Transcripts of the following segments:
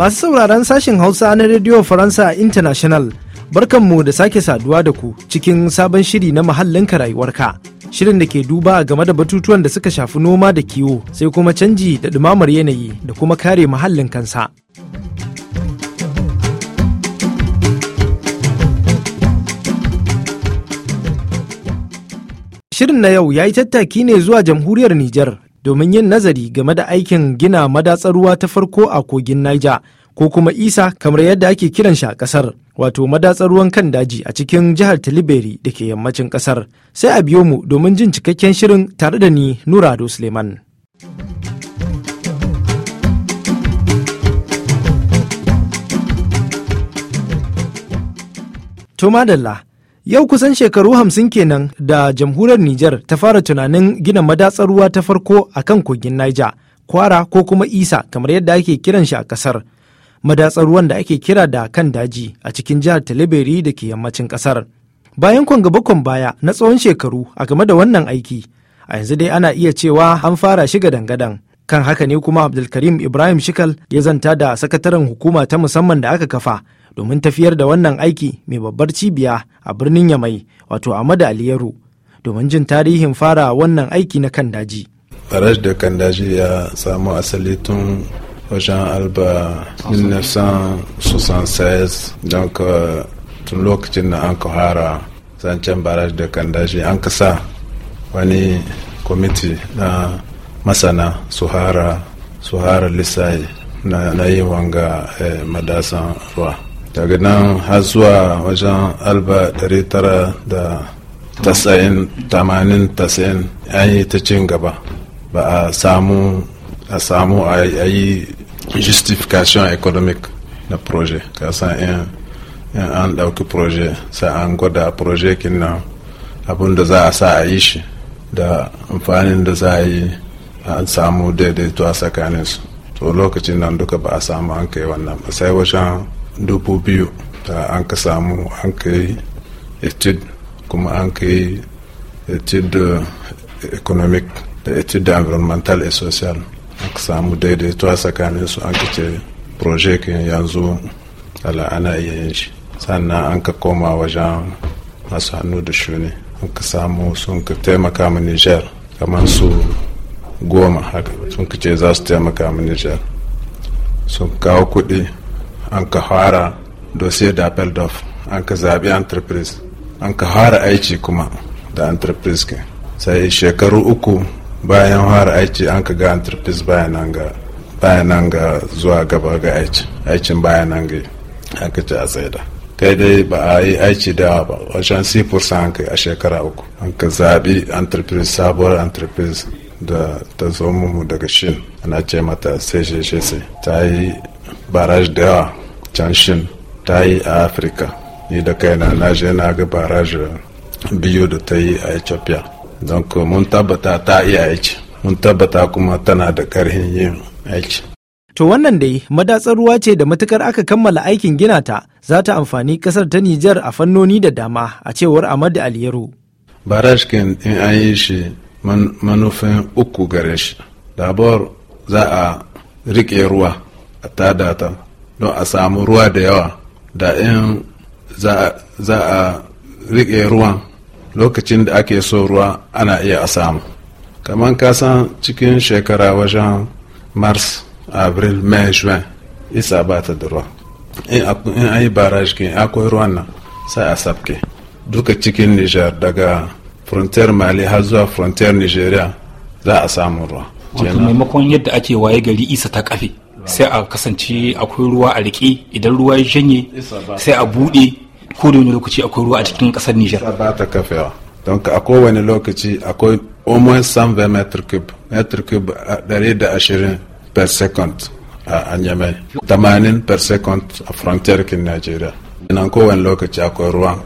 Masu sauraron sashen Hausa na Radio Faransa International, barkanmu da sake saduwa da ku cikin sabon shiri na muhallinka rayuwarka. Shirin da ke duba game da batutuwan da suka shafi noma da kiwo, sai kuma canji da ɗumamar yanayi da kuma kare muhallin kansa. Shirin na yau ya yi tattaki ne zuwa jamhuriyar Nijar domin yin nazari game da aikin gina madatsar ruwa ta farko a kogin Niger ko kuma isa kamar yadda ake kiran shi a kasar wato madatsar ruwan kan daji a cikin jihar Tilibiri da ke yammacin kasar sai a biyo mu domin jin cikakken shirin tare da ni Nurado Suleiman. To madalla Yau kusan shekaru hamsin kenan da jamhuriyar Nijar ta fara tunanin gina madatsar ruwa ta farko a kan kogin Niger, kwara ko kuma isa kamar yadda ake kiran shi a kasar. Madatsar ruwan da ake kira da kan daji a cikin jihar Talabiri da ke yammacin kasar. Bayan kwan baya na tsawon shekaru a game da wannan aiki, a yanzu dai ana iya cewa an fara shiga dangadan. Kan haka ne kuma Abdulkarim Ibrahim Shikal ya zanta da sakataren hukuma ta musamman da aka kafa domin tafiyar da wannan aiki mai babbar cibiya a birnin Yamai wato Ahmadu Aliyaru domin jin tarihin fara wannan aiki na kan daji. Faraj da kan daji ya samu asali tun wajen alba 1976 don ka tun lokacin na an kahara zancen baraj da kan daji an kasa wani kwamiti na masana suhara suhara lisa na yi wanga eh, madasan ruwa daga nan har zuwa wajen alba 980 an yi ta cin gaba ba a samu a samu a yi justification economic na proje kasan in an dauki proje sai an gwada proje nan abin da za a sa a yi shi da amfanin da za a yi a samu daidaito a tsakaninsu to lokacin nan duka ba a samu an kai wannan sai wajen dubu biyu da an ka samu an ka yi etid kuma an ka yi etid economic da etid environmental et social an ka samu a tsakanin su an ka ce ke yanzu ala ana iya yin shi sannan an ka koma wajen masu hannu da shuni an ka samu sun ka taimaka mu niger kamar su goma haka sun ka za su taimaka mu niger sun kawo kuɗi an ka fara dossier d'appel appel an ka zaɓi entreprise an ka fara aiki kuma da entreprise ke sai shekaru uku bayan fara aiki an ka ga entreprise bayan ga bayan ga zuwa gaba ga aiki aikin bayan ga an ka ci a tsaida kai dai ba a yi aiki da ba wajen sa an kai a shekara uku an ka zaɓi entreprise sabuwar entreprise da ta zo mu daga shin ana ce mata sai ta yi baraj da yawa canshin ta yi a afirka ni da kaina na je na ga baraj biyu da ta yi a ethiopia don mun tabbata ta iya aiki mun tabbata kuma tana da karhin yin aiki To wannan dai madatsar ruwa ce da matukar aka kammala aikin gina ta za ta amfani kasar ta Nijar a fannoni da dama a cewar Ahmadu baraj Barashkin in an yi shi manufin uku gare shi. Dabar za a riƙe ruwa a tada ta don a samu ruwa da yawa da in za a riƙe ruwan lokacin da ake so ruwa ana iya a samu kamar kasan cikin shekara wajen mars abril mai juin isa ba ta da ruwa in an yi baraj kin akwai ruwan nan sai a sabke duka cikin niger daga frontier mali har zuwa frontier nigeria za a samu ruwa wato maimakon yadda ake waye gari isa ta kafe sai a kasance akwai ruwa a riƙe idan ruwa ya janye sai a buɗe ko da wani lokaci akwai ruwa a cikin ƙasar Nijar. ba ta don a wani lokaci akwai almost 120 meter cube meter cube 120 per second a anyamai 80 per second a frontier kin Najeriya. Nan kowane lokaci akwai ruwa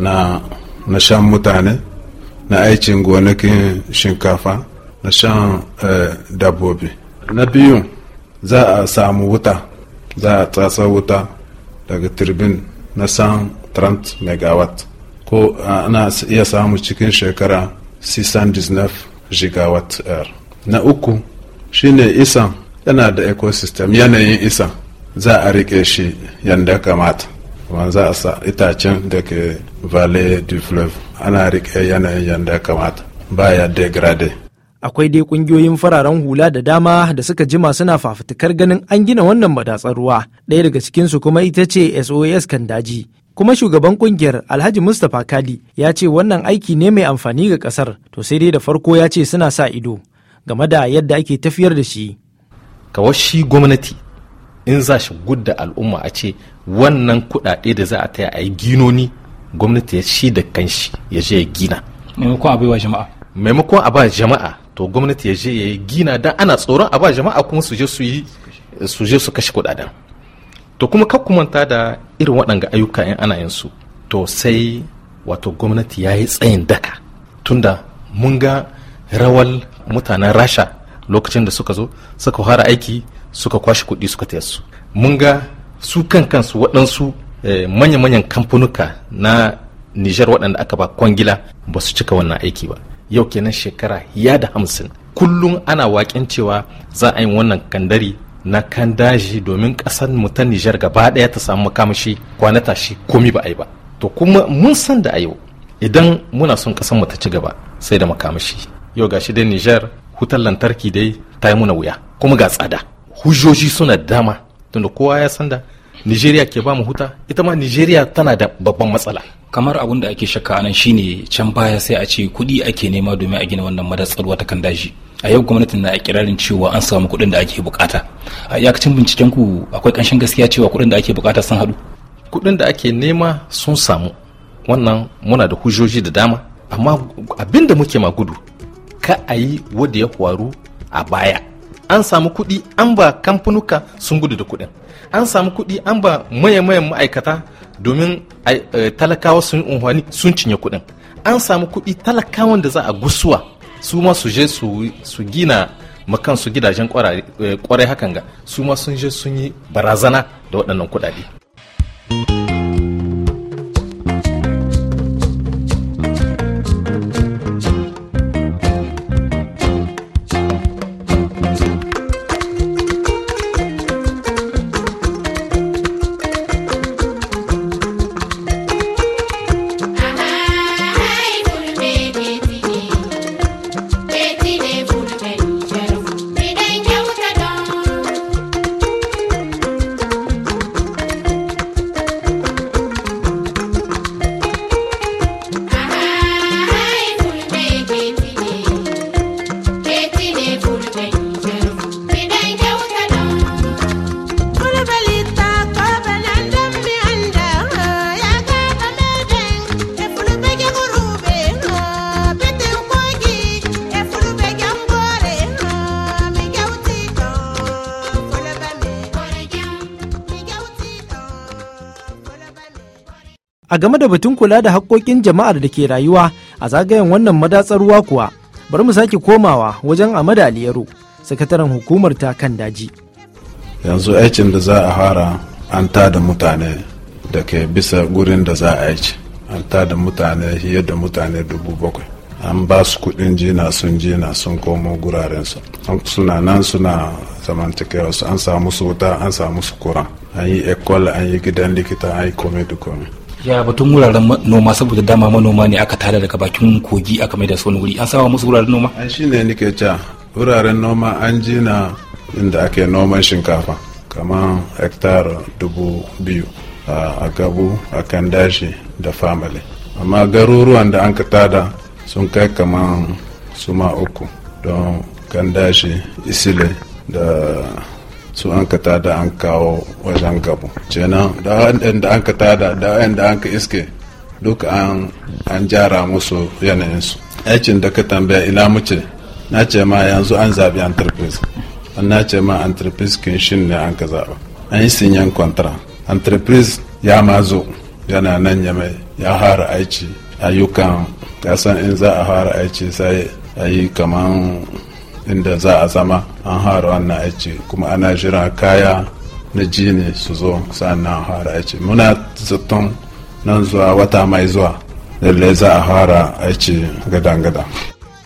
na na shan mutane na aikin gonakin shinkafa na shan eh, dabbobi. Na biyu za a samu wuta za a tsasa wuta daga turbin na san 30 megawatt ko ana iya samu cikin shekara 619 gigawatt hour na uku shine isan yana da ecosystem yanayin isan za a rike shi yadda kamata kuma za a sa itacen da ke valley du fleuve ana rike yanayin yadda kamata ya degrade akwai dai kungiyoyin fararen hula da dama da suka jima suna fafutukar ganin an gina wannan madatsar ruwa ɗaya daga cikinsu kuma ita ce sos daji, kuma shugaban kungiyar alhaji mustapha kadi ya ce wannan aiki ne mai amfani ga ƙasar to sai dai da farko ya ce suna sa ido game da yadda ake tafiyar da shi kawai shi gwamnati in za shi gudda al'umma a ce wannan kuɗaɗe da za a taya a yi ginoni gwamnati ya shi da kanshi ya je ya gina maimakon a baiwa jama'a maimakon a ba jama'a to gwamnati ya je ya gina dan ana tsoron a ba jama'a kuma su je su yi su je su kashe kudaden to kuma kakku manta da irin waɗanga ayyuka in ana yin su to sai wato gwamnati ya yi tsayin daka tunda mun ga rawal mutanen rasha lokacin da suka zo suka fara aiki suka kwashe kuɗi suka taya su mun ga su kan kansu waɗansu eh, manya-manyan kamfanuka na nijar waɗanda aka ba kwangila ba su cika wannan aiki ba yau kenan shekara ya da hamsin kullum ana waƙin cewa za a yi wannan kandari na kan daji domin ƙasar mu ta nijar gaba ɗaya ta samu makamashi kwana tashi komi ba a yi ba to kuma mun san da a yau idan muna son ƙasar mu ta ci gaba sai da makamashi yau gashi dai nijar hutar lantarki dai ta yi muna wuya kuma ga tsada hujjoji suna dama tunda kowa ya san da nigeria ke ba mu huta ita ma nigeria tana da babban matsala kamar abun da ake shakka anan shine can baya sai a ce kuɗi ake nema domin a gina wannan madatsar wata kan daji a yau gwamnatin na ikirarin cewa an samu kuɗin da ake bukata a iyakacin binciken ku akwai ƙanshin gaskiya cewa kuɗin da ake bukata sun haɗu kuɗin da ake nema sun samu wannan muna da hujjoji da dama amma abin da muke ma gudu ka a yi wadda ya faru a baya an samu kuɗi an ba kamfanuka sun gudu da kuɗin an samu kuɗi an ba mayan-mayan ma'aikata domin e, talakawa sun unhwani sun cinye kuɗin an samu kuɗi talakawan da za a gusuwa su ma su je su gina makan su gidajen kwarai e, hakan ga su ma sun je sun yi barazana da waɗannan kuɗaɗe. a game da batun kula da haƙƙoƙin jama'ar da ke rayuwa a zagayen wannan madatsar ruwa kuwa bari mu sake komawa wajen amada aliyaro sakataren hukumar ta kan daji yanzu aikin da za a fara an ta da mutane da ke bisa gurin da za a aiki an ta da mutane fiye da mutane dubu bakwai an ba su kudin jina sun jina sun komo gurarensu suna nan suna zamantakewa su an samu su wuta an samu su kuran an yi ekwal an yi gidan likita an yi kome da kome ya batun wuraren noma saboda dama manoma ne aka tada daga bakin kogi aka mai da su wuri an sama musu wuraren noma an shine nake ta wuraren noma an jina inda ake noman shinkafa kamar hektar dubu biyu a gabu a kan dashi da famale amma garuruwan da an ka tada sun kai kamar suma uku don kan dashi isile da su an ka tada an kawo wajen gabu kenan da da an ka tada da da an ka iske duk an gyara jara musu yanayinsu aikin da ka tambaya ina muce na ce ma yanzu an zabi entreprise an na ce ma entreprise shi ne an ka zaba an yi sinyan kwantara entreprise ya ma zo yana nan ya mai ya hara aiki ayyukan kasan in za a hara aiki sai a yi kaman inda za a zama an hara wannan aiki kuma ana jira kaya na jini su zo sannan hara aiki muna zaton nan zuwa wata mai zuwa lallai za a hara aiki gada gada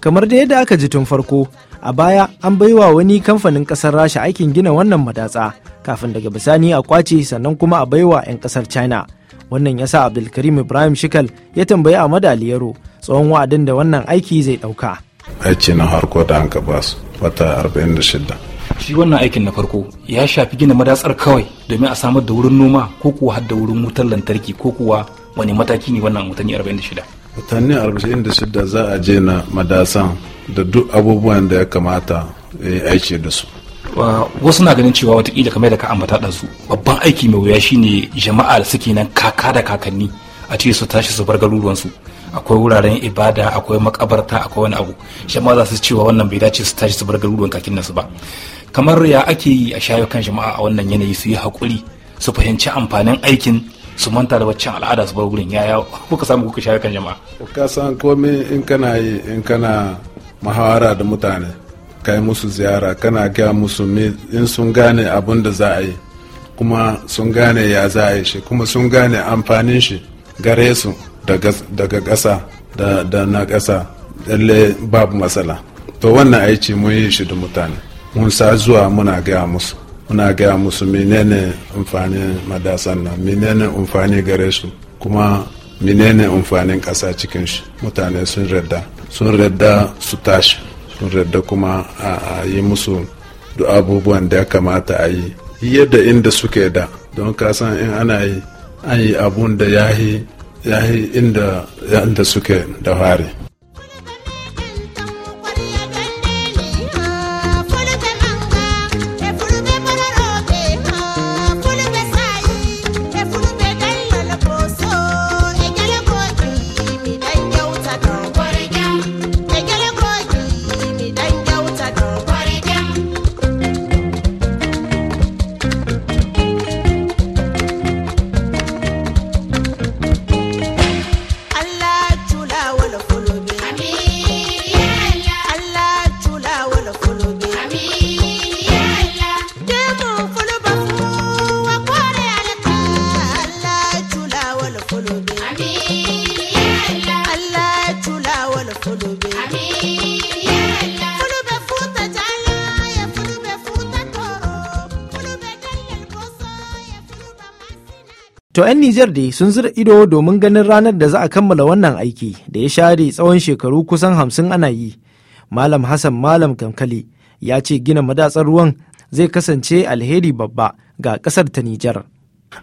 kamar da yadda aka ji tun farko a baya an baiwa wani kamfanin kasar rasha aikin gina wannan madatsa kafin daga bisani a kwace sannan kuma a baiwa 'yan kasar china wannan yasa abdulkarim ibrahim shikal ya tambayi a madaliyaro tsawon wa'adin da wannan aiki zai ɗauka. aiki na harko da an gaba su wata 46 shi wannan aikin na farko ya shafi gina madatsar kawai domin a samar da wurin noma ko kuwa hadda wurin wutar lantarki ko kuwa wani mataki ne wannan watanni 46 watanni 46 za a je na madasan da duk abubuwan da ya kamata ya aiki da su wasu na ganin cewa watakila kamar da ka ambata da su babban aiki mai wuya shine jama'a da suke nan kaka da kakanni a ce su tashi su bar garuruwansu akwai wuraren ibada akwai makabarta akwai wani abu shi ma za su cewa wannan bai dace su tashi su bar garuruwan kakin nasu ba kamar ya ake yi a shayo kan jama'a a wannan yanayi su yi haƙuri su fahimci amfanin aikin su manta da waccan al'ada su bar gurin yaya kuka samu kuka shayo kan jama'a ka san komai in kana yi in kana muhawara da mutane ka yi musu ziyara kana gaya musu in sun gane abin da za a yi kuma sun gane ya za a yi shi kuma sun gane amfanin shi gare su daga ƙasa da na ƙasa lalle babu matsala to wannan aiki mun yi shi da mutane mun sa zuwa muna gaya musu muna gaya musu menene amfanin madasan nan menene amfani gare su kuma menene amfanin ƙasa cikin shi mutane sun radda sun radda su tashi sun radda kuma a yi musu duk abubuwan da ya kamata a yi yadda inda suke da don kasan in ana yi an yi abun da ya yi ya yi inda suke da To 'yan Nijar dai sun zura ido domin ganin ranar da za a kammala wannan aiki da ya share tsawon shekaru kusan hamsin ana yi. Malam Hassan Malam Kankali ya ce gina madatsar ruwan zai kasance alheri babba ga kasar ta Nijar.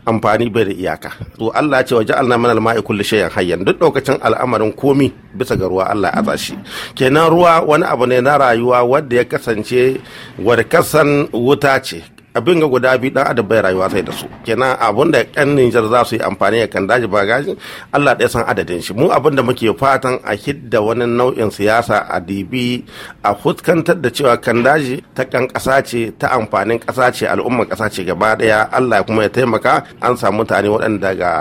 amfani bai da iyaka to Allah ce waje alna mana alma'i kulle shay'in hayyan duk lokacin al'amarin komi bisa ga ruwa Allah a shi kenan ruwa wani abu ne na rayuwa wanda ya kasance warkasan kasan wuta ce abin ga guda biyu dan adam bai rayuwa sai da su kenan abun da yan Nijar za su yi amfani da kan daji bagaji Allah ɗaya san adadin shi mu abin da muke fatan a hidda wani nau'in siyasa a dibi a fuskantar da cewa kan daji ta kan ƙasa ce ta amfanin ƙasa ce al'umma ƙasa ce gaba daya Allah kuma ya taimaka an samu mutane waɗanda ga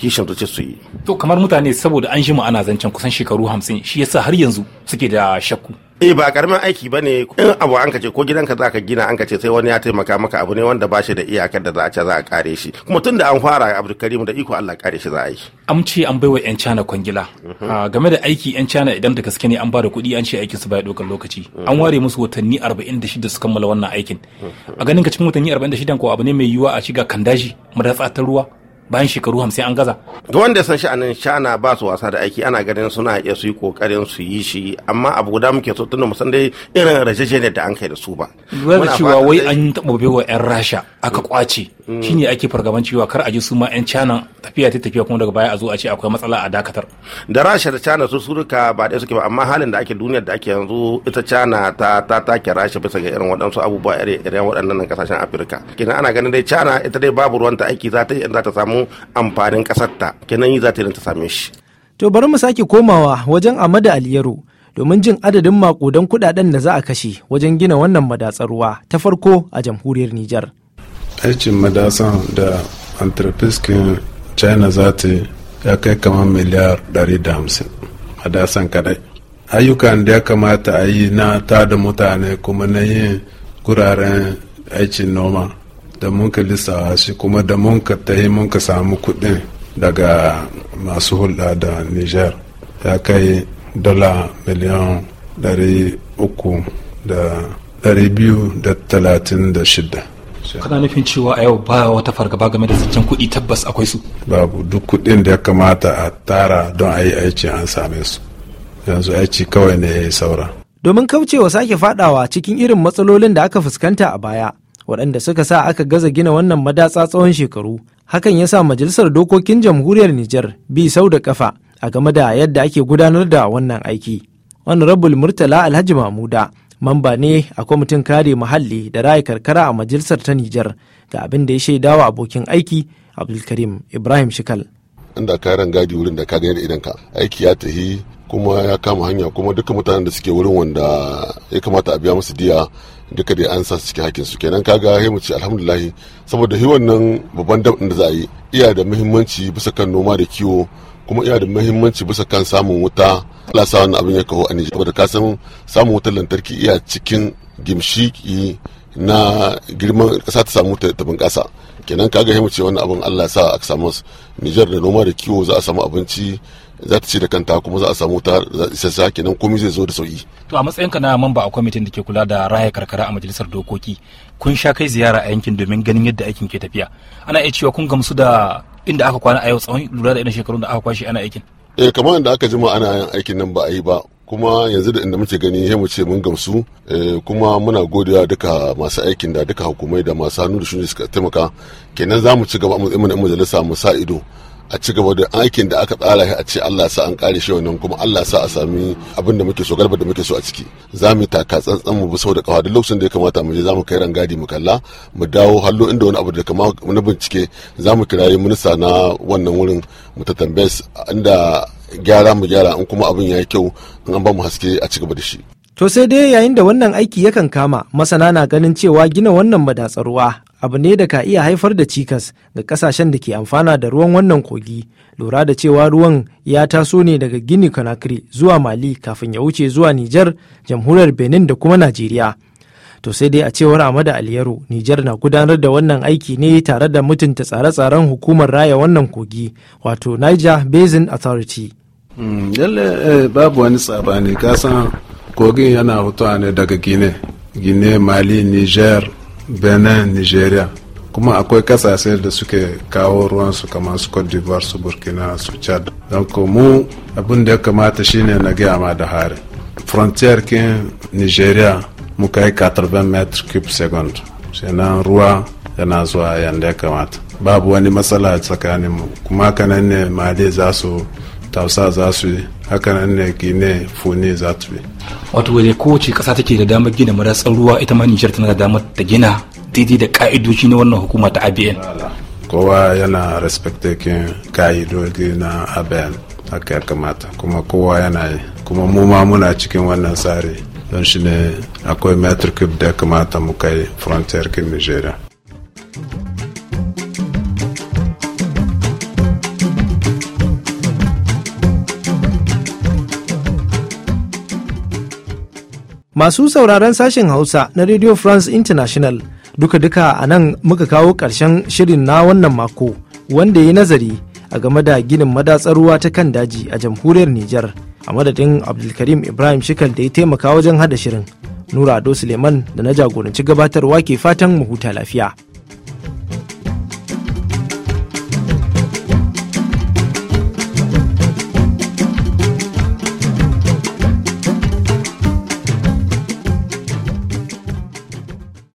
kishin su su yi to kamar mutane saboda an shi ma'ana zancen kusan shekaru hamsin shi yasa har yanzu suke da shakku eh ba karamin aiki ba ne in abu an ka ce ko gidanka za ka gina an ka ce sai wani ya taimaka maka abu ne wanda ba shi da iyakar da za a ce za a kare shi kuma tun da an fara abdulkarim da iko allah kare shi za a yi an ce an baiwa yan cana kwangila mhm. ah, game da aiki yan cana idan da gaske ne an ba da kuɗi an ce aikin su baya ɗaukar lokaci an mhm. ware musu watanni 46 su kammala wannan aikin a mhm. ganin ka cikin watanni 46 ko abu ne mai yiwuwa a shiga kandaji madatsa ta ruwa bayan shekaru hamsin an gaza ga wanda san shi anan shana ba su wasa da aiki ana ganin suna iya su yi kokarin su yi shi amma abu guda muke so tunda musan dai irin rajajeniyar da an kai da su ba. wani cewa wai an taɓa bewa 'yan Rasha aka kwace shine ake fargaban cewa kar a ji su ma yan cana tafiya ta tafiya kuma daga baya a zo a ce akwai matsala a dakatar da rasha da cana su suruka ba da suke ba amma halin da ake duniyar da ake yanzu ita cana ta ta take rasha bisa ga irin waɗansu abubuwa irin waɗannan kasashen afirka kenan ana ganin dai cana ita dai babu ta aiki za ta za ta samu amfanin ƙasar ta kenan yi za ta ta same shi to bari mu sake komawa wajen amada aliyaro domin jin adadin makudan kudaden da za a kashe wajen gina wannan madatsar ruwa ta farko a jamhuriyar Nijar. aikin madasan da antropiskin china za ta ya kai kamar miliyar 150 madasan kadai ayyukan da ya kamata a yi na tada mutane kuma na yin guraren aikin noma da munka lissawa shi kuma da munka ta yi munka samu kudin daga masu hulɗa da niger ya kai dala miliyan 300 da 236 kana nufin cewa a yau ba wata fargaba game da zancen kuɗi tabbas akwai su babu duk kuɗin da ya kamata a tara don a yi aiki an same su yanzu aiki kawai ne ya yi saura domin kaucewa sake fadawa cikin irin matsalolin da aka fuskanta a baya waɗanda suka sa aka gaza gina wannan madatsa tsawon shekaru hakan ya sa majalisar dokokin jamhuriyar Nijar bi sau da kafa a game da yadda ake gudanar da wannan aiki. rabul Murtala Alhaji mamuda mamba ne a kwamitin kare muhalli da raya karkara a majalisar ta Nijar ga abin da ya shaida wa abokin aiki Abdulkarim Ibrahim Shikal. Inda ka ran gadi wurin da ka gani da idanka aiki ya tahi kuma ya kama hanya kuma duka mutanen da suke wurin wanda ya kamata a biya musu diya duka da an sa su cikin hakkin su kenan kaga ga mu ce alhamdulillah saboda hi wannan babban dab'in da za a yi iya da muhimmanci bisa kan noma da kiwo kuma yana da muhimmanci bisa kan samun wuta ala sa wani abin ya kawo a Nijar saboda kasan samun wutar lantarki iya cikin gimshi na girman kasa ta samu ta kasa. kenan kaga himu ce wani abin Allah sa a samu Nijar da noma da kiwo za a samu abinci za ta ci da kanta kuma za a samu ta isassa kenan komai zai zo da sauki to a matsayinka na mamba a kwamitin da ke kula da raya karkara a majalisar dokoki kun sha kai ziyara a yankin domin ganin yadda aikin ke tafiya ana iya cewa kun gamsu da inda aka kwana a yau tsawon lura da irin shekarun da aka kwashi ana aikin eh kamar inda aka jima ana yin aikin nan ba a yi ba kuma yanzu da inda muke gani mu ce mun gamsu kuma muna godiya duka masu aikin da duka hukumai da masu hannu da shuni suka taimaka kenan za mu ci gaba mu majalisa mu sa ido a ci gaba da aikin da aka tsara a ce Allah sa an kare shi wannan kuma Allah sa a sami abin da muke so galba da muke so a ciki za mu taka tsantsan mu bi sau da kawa duk lokacin da ya kamata mu je za mu kai rangadi mu kalla mu dawo hallo inda wani abu da kama wani bincike za mu kirayi minista na wannan wurin mu ta tambaye inda gyara mu gyara in kuma abin ya yi kyau in an ba mu haske a ci gaba da shi To sai dai yayin da wannan aiki yakan kama masana na ganin cewa gina wannan madatsar ruwa abu ne da ka iya haifar da cikas ga kasashen da ke amfana da ruwan wannan kogi lura da cewa ruwan ya taso ne daga gini conakry zuwa mali kafin ya wuce zuwa nijar jamhuriyar benin da kuma najeriya to sai dai a cewar amada aliyaro nijar na gudanar da wannan aiki ne tare da mutunta tsare-tsaren hukumar raya wannan kogi wato niger basin authority hmm, eh, babu wani tsabani kasan kogin yana hutuwa ne daga gine gine mali niger benin nigeria kuma akwai kasashe da suke kawo ruwansu kamar su cote d'ivoire su burkina su chad don mu abin da ya kamata shine na gaya ma da hari frontier kin nigeria muka yi 80 metr cube second sannan ruwa yana zuwa yadda ya kamata babu wani matsala mu. kuma kanan ne mali za su tausa za su yi hakanan ne gine funi za su yi wato waje kowace kasa take da damar gina madatsar ruwa ita ma nijar tana da damar ta gina daidai da ka'idoci na wannan hukuma ta abn kowa yana respectakin ka'idoji na abn haka ya kamata kuma kowa yana yi kuma mu ma muna cikin wannan tsari don shi ne akwai metric da kamata mu kai frontier kin nigeria Masu sauraron sashen Hausa na Radio France International duka-duka a nan muka kawo ƙarshen shirin na wannan mako wanda ya nazari a game da ginin madatsar ruwa ta kan daji a jamhuriyar Nijar a madadin Abdulkarim Ibrahim Shikal da ya taimaka wajen hada shirin. Nura Ado Suleiman da na jagoranci gabatarwa ke fatan mu huta lafiya.